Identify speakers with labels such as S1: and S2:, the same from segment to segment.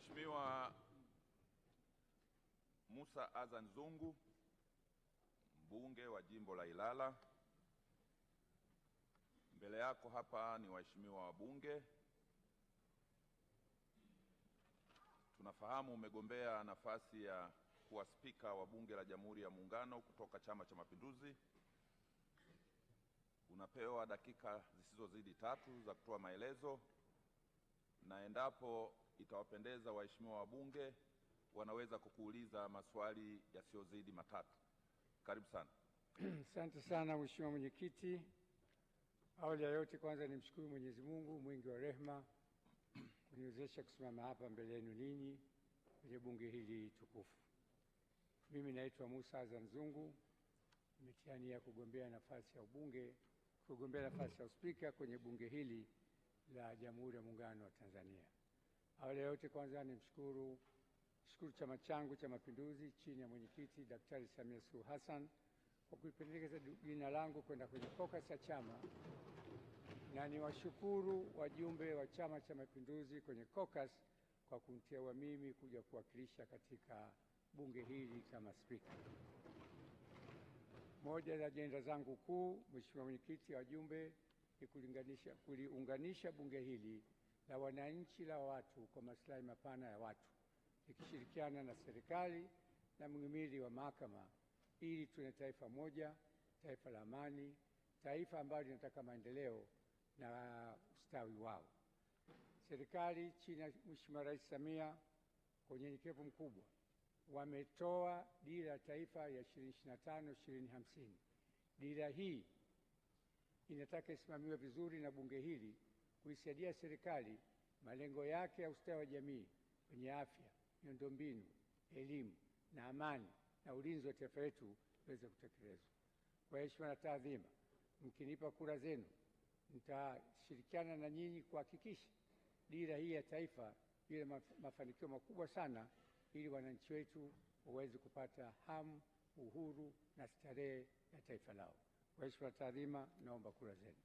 S1: Mheshimiwa Musa Azan Zungu, mbunge wa jimbo la Ilala, mbele yako hapa ni waheshimiwa wabunge. Tunafahamu umegombea nafasi ya kuwa spika wa bunge la Jamhuri ya Muungano kutoka Chama cha Mapinduzi. Unapewa dakika zisizozidi tatu za kutoa maelezo na endapo itawapendeza waheshimiwa wabunge, wanaweza kukuuliza maswali yasiyozidi matatu. Karibu sana.
S2: Asante sana Mheshimiwa Mwenyekiti. Awali ya yote, kwanza nimshukuru Mwenyezi Mungu mwingi wa rehema kuniwezesha kusimama hapa mbele yenu ninyi kwenye bunge hili tukufu. Mimi naitwa Musa Azan Zungu, nimetania kugombea nafasi ya ubunge, kugombea nafasi ya uspika kwenye bunge hili la Jamhuri ya Muungano wa Tanzania. Awali ya yote kwanza nimshukuru shukuru chama changu cha Mapinduzi chini ya mwenyekiti Daktari Samia Suluhu Hassan kwa kuipendekeza jina langu kwenda kwenye focus ya chama, na niwashukuru wajumbe wa Chama cha Mapinduzi kwenye caucus kwa kuniteua mimi kuja kuwakilisha katika bunge hili kama spika. Moja ya ajenda zangu kuu, Mheshimiwa Mwenyekiti, wajumbe, ni kuliunganisha bunge hili la wananchi la watu kwa maslahi mapana ya watu ikishirikiana na serikali na mhimili wa mahakama ili tuwe taifa moja, taifa la amani, taifa ambalo linataka maendeleo na ustawi wao. Serikali chini ya Mheshimiwa Rais Samia kwa unyenyekevu mkubwa wametoa dira ya taifa ya 2025 2050. Dira hii inataka isimamiwe vizuri na bunge hili kuisaidia serikali malengo yake ya ustawi wa jamii kwenye afya, miundombinu, elimu na amani na ulinzi wa taifa letu iweze kutekelezwa. Kwa heshima na taadhima, mkinipa kura zenu, nitashirikiana na nyinyi kuhakikisha dira hii ya taifa ile mafanikio makubwa sana, ili wananchi wetu waweze kupata hamu, uhuru na starehe ya taifa lao. Kwa heshima na taadhima, naomba kura zenu.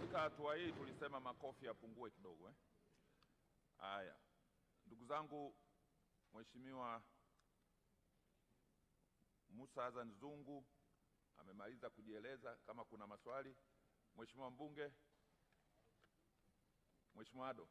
S1: Katika hatua hii tulisema makofi yapungue kidogo eh. Haya, ndugu zangu, Mheshimiwa Musa Azan Zungu amemaliza kujieleza. Kama kuna maswali, Mheshimiwa mbunge, Mheshimiwa Ado.